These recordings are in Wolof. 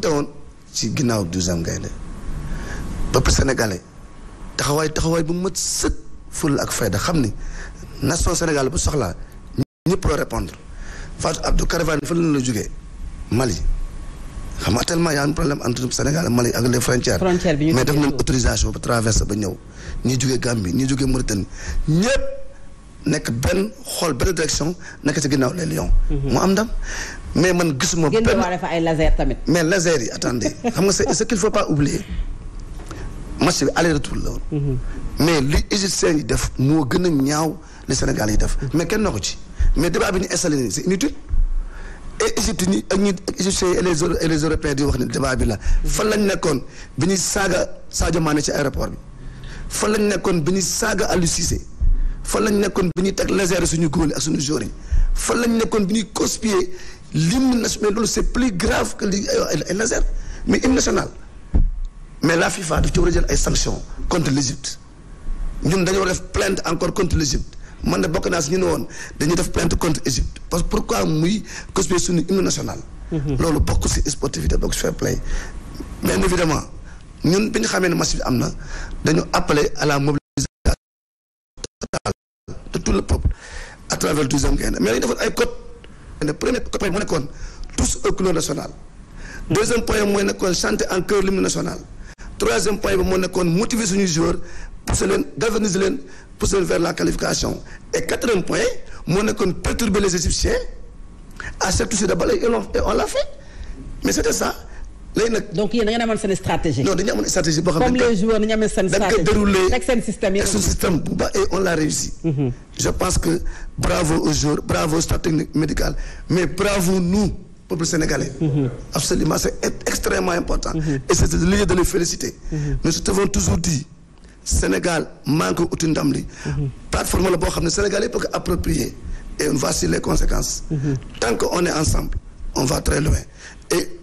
te woon ci ginnaaw douzième gaynde bépp sénégalais taxawaay taxawaay bu mët sëkk ful ak fayda xam ni nation sénégal bu soxlaa ñëpp loo répondre Fatou Abdou Caravane fa la jógee Mali xam nga tellement y a un problème entre Sénégal ak Mali ak les frontières mais def nañ autorisation ba traversé ba ñëw ñii jógee Gambie ñii jógee Mauritanie ñëpp nekk benn xool benn direction nekk ci ginnaaw les lions. mu am ndam mais man gisuma. benn génn waa ay laser tamit. mais laser yi attendez xam nga c'est ce qu'il faut pas oublier match bi aller retour la woon. Mhm. mais li égyptiens yi def moo gën a ñaaw li Sénégal yi def mais kenn na ko ci mais débat bi ñu installé nii c'est inutile. et Égypte ñi ak ñi égyptiens yi et les européens di wax ne débat bi la fan lañ nekkoon bi ñuy saaga Sadio Mané ci aéroport bi fan lañ nekkoon bi ñuy saaga Aliou fan lañ nekkoon bi ñuy teg légère suñu góor ak suñu joueurs Fallait fan lañ nekkoon bi ñuy cospier l'hymne national loolu c'est plus grave que li euh, mais hymne national mais la FIFA daf ci a ay sanctions contre l'Égypte ñun dañoo def plainte encore contre l'Égypte man de bokk naa si ñu def plainte contre Égypte parce que pourquoi muy cospier suñu hymne national mhm. loolu bokk si sportivité bokk je fair play mais évidemment ñun bi ñu xamee ne match bi am dañu à la mobilisation le peuple à travers le deuxième gain. mais dañu defoon ay code le premier code mu tous au club national. deuxième point mooy nekkoon chanter en chœur l'hymne national troisième point bi moo motiver suñuy joueurs pousser galvaniser vers la qualification et quatrième point moo nekkoon perturber les égyptiens à cette touche de balle et on l'a fait mais c'était ça donc il y a une stratégie. non dañu stratégie comme les joueurs dañu a seen stratégie Avec ce système système et on l'a réussi. Mhm. je pense que bravo aux joueurs bravo aux stratégies médicales. mais bravo nous peuple sénégalais. Mhm. absolument c'est extrêmement important. Mhm. et c'est le lieu de les féliciter. nous avons toujours dit Sénégal manque au Tindamli. li. plateforme la boo xam Sénégal et on les conséquences. tant qu'on est ensemble on va très loin et.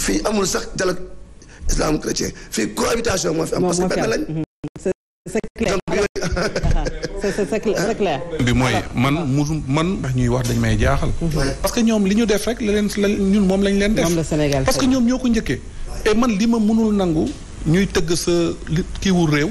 fii amul sax dialogue islam chrétien fii cohabitation moo fi am. parce que benn lañ. c'est clair c'est clair bi mooy man musum man ndax ñuy wax dañ may jaaxal. parce que ñoom li ñu def rek la leen ñun moom lañ leen def. parce que ñoom ñoo ko njëkkee. et man li ma mënul nangu ñuy tëgg sa li kiiwu réew.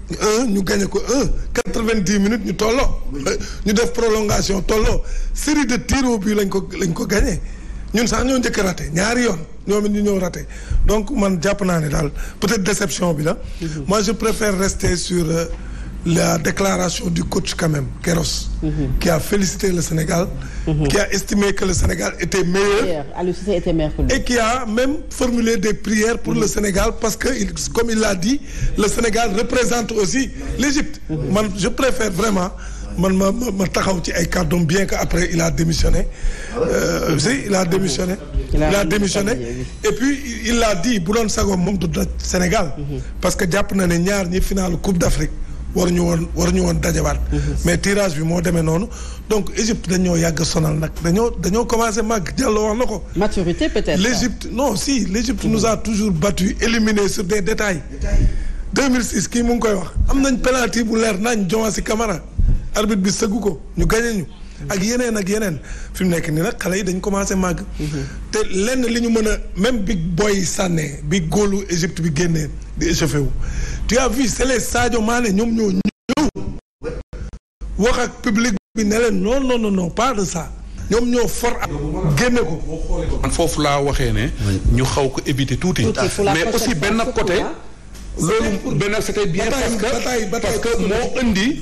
un nous gagnons un quatre minutes nous nous prolongation série de tirs au but Nous ko gagné nous avons raté raté donc peut-être déception la. moi je préfère rester sur. Euh, la déclaration du coach quand même, Keros, mhm. qui a félicité le Sénégal, mhm. qui a estimé que le Sénégal était meilleur, et qui a même formulé des prières pour le mhm. Sénégal parce que, comme il l'a dit, le Sénégal représente aussi l'Égypte. Je préfère vraiment man bien qu'après euh, il a démissionné il a démissionné démissionné et puis il a dit Boulon Sagom du Sénégal parce que jàpp na ni ñaar ni Coupe d'Afrique Mhm. Mais le tirage donc Égypte sonal commencé maturité peut-être. l'Égypte non si l'Égypte nous a toujours battu éliminé sur des détails. 2006 qui mu koy wax am nañ penalty bu l'air nañ Camara. arbitre bi ko ñu gagné ñu. Mhm. ak ak mhm. même big boy Sané, big Égypte bi di échauffé wu tu as vu ñoom ñoo ñëw wax ak public bi ne leen non non non non pas de ça ñoom ñoo for ak génne ko. man foofu la waxee ne. ñu xaw ko éviter tuuti. mais aussi benn côté. loolu benn c'était bien parce que parce que moo indi.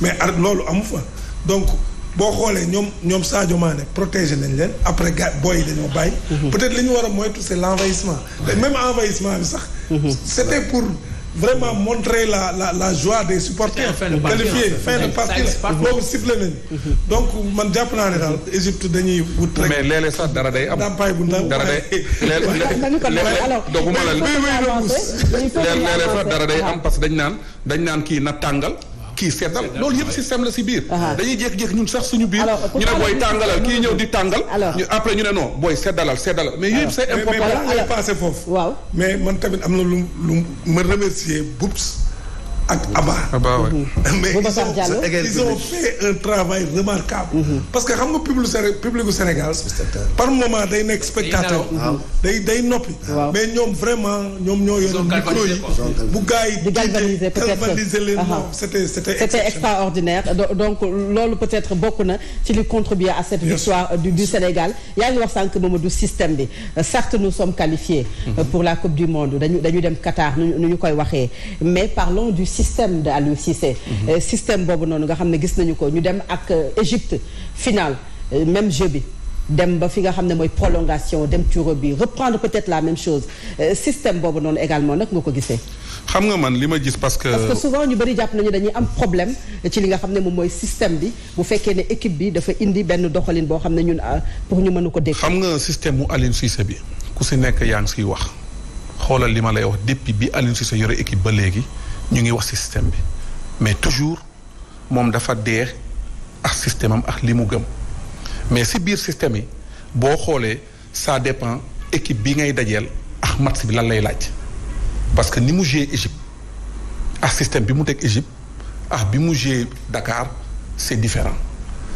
mais lolu amu donc bo xolé ñom ñom Sadio Mané protégé nañ après gars dañu mhm. peut-être liñu wara moytu c'est l'envahissement. même envahissement mhm. c'était pour. vraiment montrer la la joie des supporters. qualifiés fin de partie donc mhm. donc man japp na dal Égypte dañuy wut mais lélé sax dara day am am dañ dañ na kii seddal loolu yëpp système la si biir dañuy jékki-jékki ñun sax suñu biir ñu ne booy tàngalal kii ñëw di tàngal ñu après ñu ne non booy seddalal seddalal mais yëpp c'est important passé foofu waaw mais man tamit am na lu lu ma remercier BOUPS mais ils ont, fait un travail remarquable. Mm-hmm. parce que xam nga public au Sénégal. par moment day un spectateur. day mm-hmm. day mais ñoom vraiment nous sommes yor micro yi. bu gars ont di c'était extraordinaire donc peut être beaucoup qui ci li contribuer à cette victoire du du Sénégal façon que nous sànq du système bi euh, certes nous sommes qualifiés. Mm-hmm. Euh, pour la coupe du monde dañu Qatar nous ñu koy mais parlons du. système système de Aliou Cissé. Mhm. Euh, système bobu nonu nga xamné gis nañu ko ñu dem ak euh, Égypte final euh, même jeu bi dem ba fi nga xamné moy prolongation dem ci bi reprendre peut-être la même chose système bobu nonu également nak nga ko gissé xam nga man lima gis parce que. parce que souvent ñu bari japp nañu dañuy am problème ci li nga xamné mom moy système bi bu fekkee né équipe bi dafa indi ben doxalin bo xamné ñun pour ñu mënu ko dégg. xam nga système mu Aliou Cissé bi ku si nekk yaa ngi siy wax xoolal li ma lay wax depuis bi Aliou Cissé yore équipe ba léegi ñu ngi wax système mais toujours moom dafa dee ak système am ak li gëm mais si biir système yi boo xoolee ça dépend équipe bi ngay dajeel ak match bi lan lay laaj parce que ni mu jouer Égypte ak système bi mu teg Égypte ak bi mu jouer Dakar c'est différent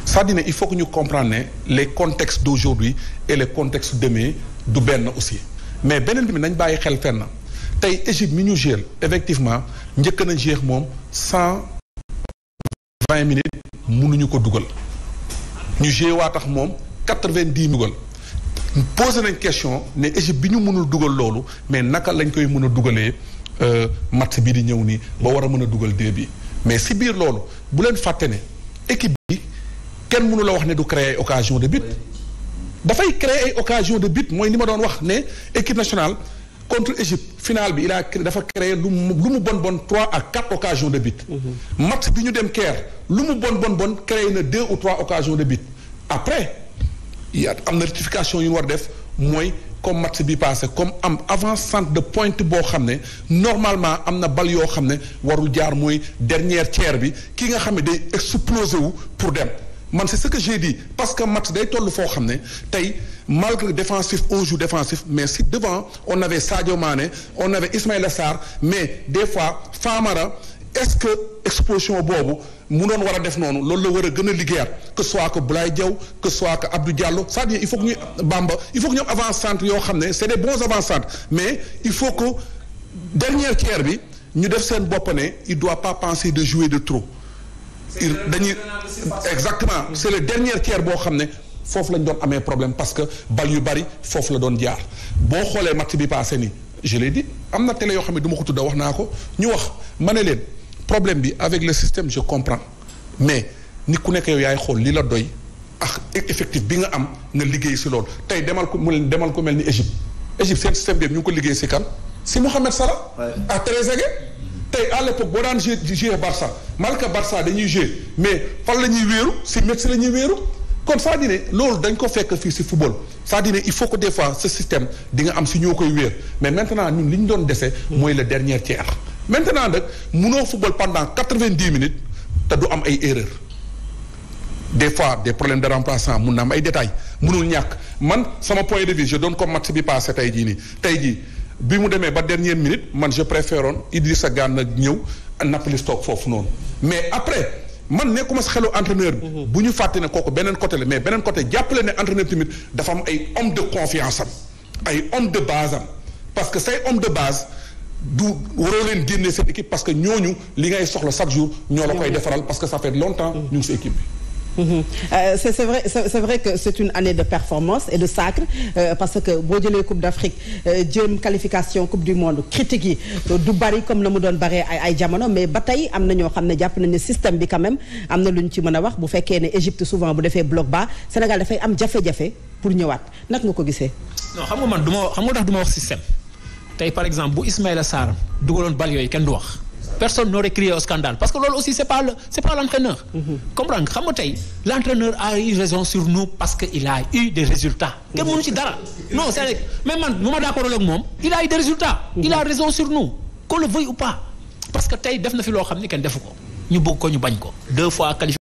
ça dit il faut que ñu comprendre les contextes d'aujourd'hui et les contextes demain du benn aussi mais beneen bi nañ bàyyi xel fenn tey Égypte mi ñu effectivement njëkk na jeex moom cent vingt minutes mënuñu ko dugal ñu jeex waa tax moom 90 vingt dugal posé nañ question ne Égypte bi ñu mënul dugal loolu mais naka lañ koy mën a dugalee euh, match bi di ñëw nii ba war a mën a dugal deux bi mais si biir loolu bu leen fàtte ne équipe bi kenn mënu la wax ne du créer occasion de but dafay créer ay occasion de but mooy li ma doon wax ne équipe nationale contre l'Égypte final il a dafa créé lu mu lu bon bon 3 à 4 occasions de but. Mm-hmm. match bi ñu dem lu bon bon bon créé na 2 ou 3 occasions de but après il y a une rectification yu war def mooy comme match bi passé comme am avant centre de pointe bo xamné normalement amna na bal yoo xam ne warul dernière tiers bi ki nga xamné day pour dem man c'est ce que j'ai dit parce que match day tollu fo xamné tay malgré défensif au joue défensif, mais si devant, on avait Sadio Mane, on avait Ismaël Assar, mais des fois, Famara, est-ce que explosion au Bobo, on war a def noonu non le war que soit que Boulaye ou que soit que Abdou Diallo ça il faut que Bamba il faut que nous centre c'est des bons avancées mais il faut que dernière tiers nous devons def sen bopp ne il doit pas penser de jouer de trop. exactement c'est le dernier tiers bon xam fof lañ doon amee problème parce que bal yu bari foofu la doon jaar boo xoolee match bi passé ni je l'ai dit am na télé yoo xam ne du ma ko tudda wax naa ko ñu wax ma ne leen problème bi avec le système je comprends mais ni ku nekk yow yaay xool li la doy ak effectif bi nga am nga liggéey si loolu tey demal ku mu demal ko mel ni Égypte Égypte seen système bi ñu ngi ko liggéey si kan si Mohamed Salah à Trezeguet tey à l'époque boo daan joué joué Barça malgré Barça dañuy jouer mais fan la ñuy wéeru si Metz la ñuy wéeru comme ça dit, né lolu dañ ko fekk fi ci football Ça dit, dire il faut que des fois ce système di nga am si koy mais maintenant ñun liñ doon déssé moy le dernier tiers. maintenant nous, mëno football pendant 90 minutes ta du am ay erreurs des fois des problèmes de remplaçant mun na am ay détails mënul ñak man sama point de vue je donne comme match bi passé tey jii nii tey jii bi mu démé ba dernière minute man je préféroon Idrissa Gana ñew Nampalys stock fofu non. mais après. man nekkuma si xelu entraîneur bi. Mhm. bu ñu fàtte ne kooku beneen côté la mais beneen côté jàppale ne entraîneur tamit dafa am ay homme de confiance am ay homme de base am parce que say homme de base. du waroo leen génne seen équipe parce que ñooñu li ngay soxla chaque jour. ñoo la koy defaral parce que ça fait longtemps mhm. ñu si équipe bi. Mhm. euh, c'est vrai, c'est vrai que c'est une année de performance et de sacre euh, parce que boo jëlee Coupe d'Afrique euh, jëm qualification Coupe du Monde critique yi du bari comme na mu Barré ay ay jamono mais bataille tey am na ñoo xam ne système bi quand même am na lu ñu ci mën wax bu Égypte souvent bu defee bloc bas Sénégal fait am jafe-jafe pour ñëwaat nag nga ko gisee. non xam nga man du ma xam nga tax wax système tey par exemple bu Ismaïla Sarr dugaloon bal yooyu kenn du wax personne n'aurait crié au scandale parce que l'autre aussi ce n'est pas l'entraîneur mhm. comprendre l'entraîneur a eu raison sur nous parce qu'il a eu des résultats non c'est mais man d'accord il a eu des résultats il a raison sur nous qu'on le veuille ou pas parce que nous def na fi loo Nous ne deux fois qualifié